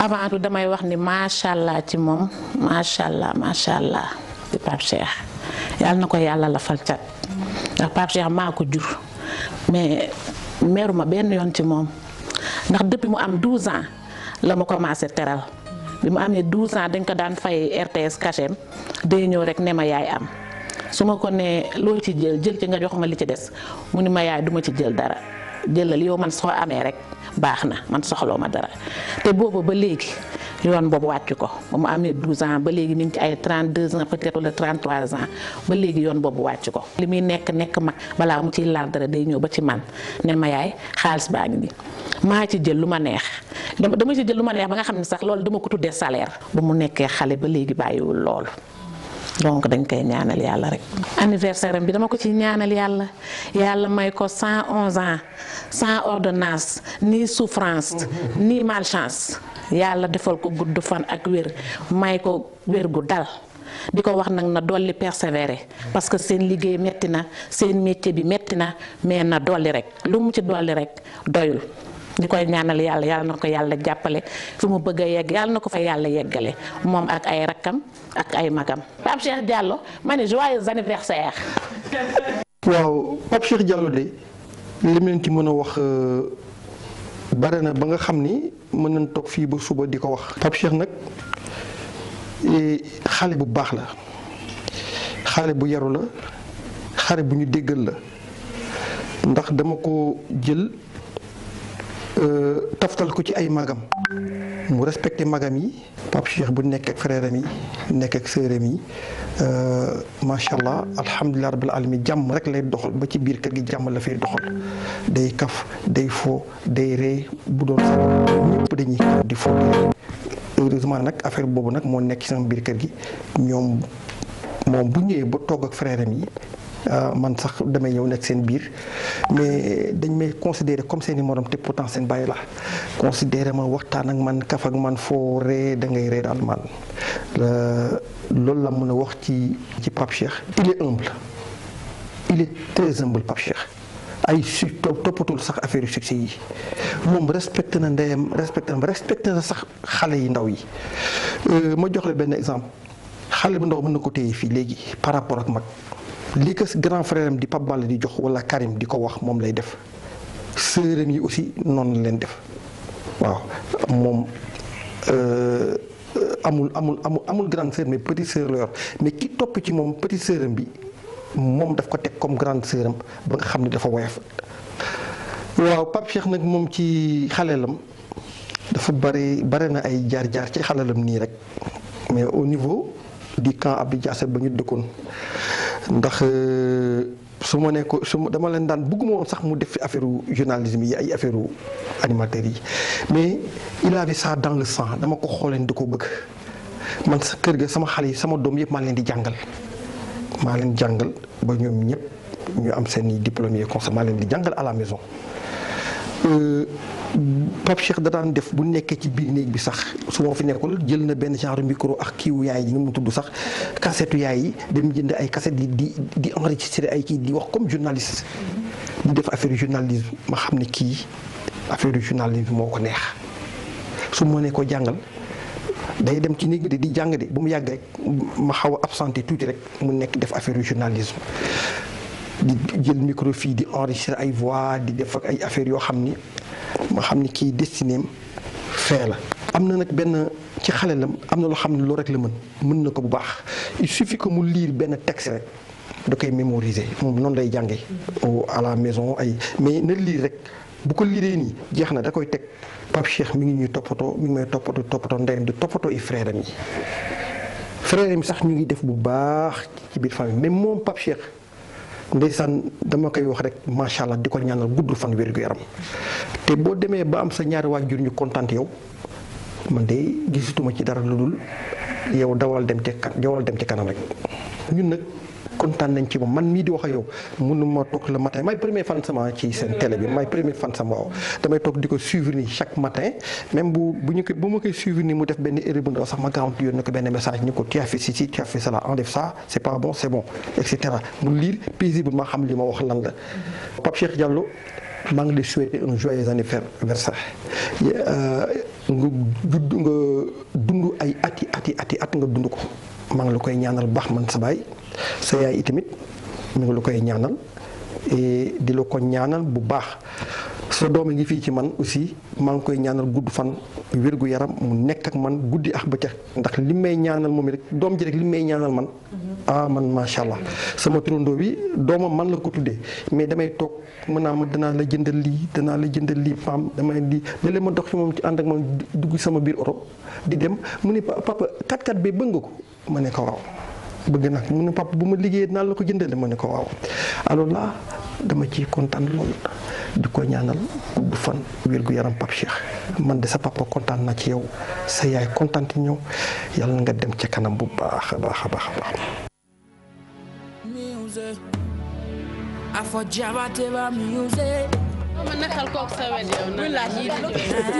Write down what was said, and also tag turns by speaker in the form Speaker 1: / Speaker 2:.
Speaker 1: avant tout damay wax ni macha allah ci moom macha allah macha allah di Pape yàlla na ko yàlla la fal cat ndax Pape Cheikh maa ko jur mais meeru ma benn yoon ci moom ndax depuis mu am 12 ans la ma commencé teral bi mu amee 12 ans dañ ko daan fay RTS cachem day ñëw rek ne ma yaay am su ma ko nee loo ci jël jël ci nga jox ma li ci des mu ni ma yaay duma ci jël dara jëlal yow man soo amee rek. baax na man soxloo ma dara te booba ba léegi yoon boobu wàcc ko ba mu amee 12 ans ba léegi mi ngi ci ay 32 ans peut-être wala 33 ans ba léegi yoon boobu wàcc ko. li muy nekk nekk mag balaa mu ciy laal dara day ñëw ba ci man ne ma yaay xaalis baa ngi nii maa ci jël lu ma neex dama ci jël lu ma neex ba nga xam ne sax loolu dama ko tuddee salaire. ba mu nekkee xale ba léegi bàyyiwul lool donc dañ koy ñaanal yàlla rek anniversaire bi dama ko ci ñaanal yàlla yàlla may ko cent onze ans sans ordonnance ni souffrance ni malchance yàlla defal ko gudd fan ak wér may ko wér gu dal di ko wax nag na dolli persévérer parce que seen liggéey metti na seen métier bi metti na mais na dolli rek lu mu ci dolli rek doyul di koy ñaanal yàlla yàlla na ko yàlla jàppale fi mu bëgg a yegg yàlla na ko fa yàlla yeggale moom ak ay rakkam ak ay magam Pape jàllo Diallo ma ne joyeux anniversaire.
Speaker 2: waaw Pape Cheikh de li mu ci mën a wax euh, bare na ba nga xam ni mën nañ toog fii ba suba di ko wax. Pape nag eh, xale bu baax la xale bu yaru la xale bu ñu déggal la ndax dama ko jël. Euh, taftal ko ci ay magam mu respecté magam yi Pape Cheikh bu nekk ak frère am yi nekk ak sœur yi euh, macha allah alhamdulilah rabbil alamin jàmm rek lay doxal ba ci biir kër gi jàmm la fay doxal day kaf day fo day ree bu doon sax ñëpp dañuy kaf di fo heureusement nag affaire boobu nag moo nekk ci sama biir kër gi ñoom moom bu ñëwee ba togg ak frère am yi Euh, man sax damay ñëw nekk seen biir mais dañ may considéré comme seeni i morom te pourtant seen bàyyi la considéré ma waxtaan ak man kaf ak man foo ree dangay ngay ree daal man euh, loolu la mun a wax ci ci Pape Cheikh il est humble il est très humble Pape Cheikh ay su toppatul sax affaire yu succès yi moom respecté na ndeyam respecté na respecté na sax xale yi ndaw yi euh, ma jox la benn exemple xale bu ndaw mën na ko téye fii léegi par rapport ak mag li ko grand frère am di Pape Balla di jox wala Karim di ko wax moom lay def sërëm yi aussi noonu leen def waaw moom euh, amul amul amul amul grande sœur mais petite sœur la yor mais ki topp ci moom petite sœuram bi moom daf ko teg comme grande sœuram ba nga xam ne dafa woyof waaw Pape Cheikh nag moom ci xalelam dafa bare bari na ay jaar-jaar ci xalelam nii rek mais au niveau di du camp Abdou Diassé ba ñu dëkkoon ndax euh, su ma ko su ma dama leen daan bëgguma woon sax mu def fi affaire journalisme yi ay affaire animateurs yi mais il avait ça dans le sang dama ko xooleen di ko bëgg man sa kër ga sama xale yi sama doom yëpp maa leen di jàngal maa leen jàngal ba ñoom ñëpp ñu am seen i diplôme yi maa leen di jàngal à la maison. Euh, Pape Cheikh da daan def bu nekkee ci biir néeg bi sax su ma fi nekkul jël na benn genre micro ak kiiwu yaay yi nga mu tudd sax kasetu yaay yi dem jënd ay kaset di di di enregistré ay kii di wax comme journaliste. di def affaire journalisme ma xam ne kii affaire journalisme moo ko neex su ma ne ko jàngal. day dem ci néeg bi di jàng bu mu yàgg rek ma xaw a absenté tuuti rek mu nekk def affaire journalisme di jël micro fii di enregistrer ay voix di def ay affaires yoo xam ni ma xam ni kii destinéem fee la am na nag benn ci xalelam am na loo xam ne loo rek la mën mën na ko bu baax il suffit que mu lire benn texte rek da koy mémoriser moom noonu lay jànge à la maison ay mais na lire rek bu ko liree nii jeex na da koy teg Pape Cheikh mu ngi ñuy toppatoo mu ngi may toppatoo toppatoo ndeyam di toppatoo i frère am yi frère sax ñu ngi def bu baax ci biir famille mais moom Pape Cheikh ndeysaan dama koy wax rek macha allah di ko ñaanal gudd fan wér-gu-yaram te boo demee ba am sa ñaari jur ñu kontaan yow man de gisituma ci dara lu dul yow dawal dem ci kan dawal dem ci kanam rek ñun nag. kontaan nañ ci moom man mii di wax ak yow mënu ma toog le matin may premier fan sama ci seen télé bi may premier fan sama waaw damay toog di ko suivre chaque matin même bu bu ñu ko ma koy suivre mu def benn erreur bu ndaw sax ma gaawantu yónnee ko benn message ñu ko tu as fait ceci tu as fait cela c'est pas bon c'est bon et cetera mu lire paisiblement xam li ma wax lan la Pape Cheikh Diallo maa ngi lay souhaiter un joyeux anniversaire euh, nga dund ay ati ati ati at nga dund ko maa ngi la koy ñaanal baax man sa baay sa yaay itamit ñu ngi la koy ñaanal di la ko ñaanal bu baax sa doom a ngi fii ci man aussi maa ngi koy ñaanal gudd fan wérgu yaram mu nekk ak man guddi ak bëccëg ndax li may ñaanal moom rek doom ji rek li may ñaanal man mhm. ah man macha allah sama turandoo bi doomam man la ko tuddee mais damay toog mën ma danaa la jëndal lii danaa la jëndal lii pam damay lii léeg ma dox ci moom ci ànd ak dugg sama biir Europe di dem mu ne papa 4-4 bee bëgg ko ma ne ko waaw bëgg nag mu ne papa bu ma liggéey dinaa la ko jëndale ma ne ko waaw alors dama ci kontaan lool di ko ñaanal gudd fan wér gu yaram Pape Cheikh man de sa papa kontaan na ci yow sa yaay kontaan ci ñëw yàlla nga dem ca kanam bu baax a baax a baax
Speaker 1: a baax.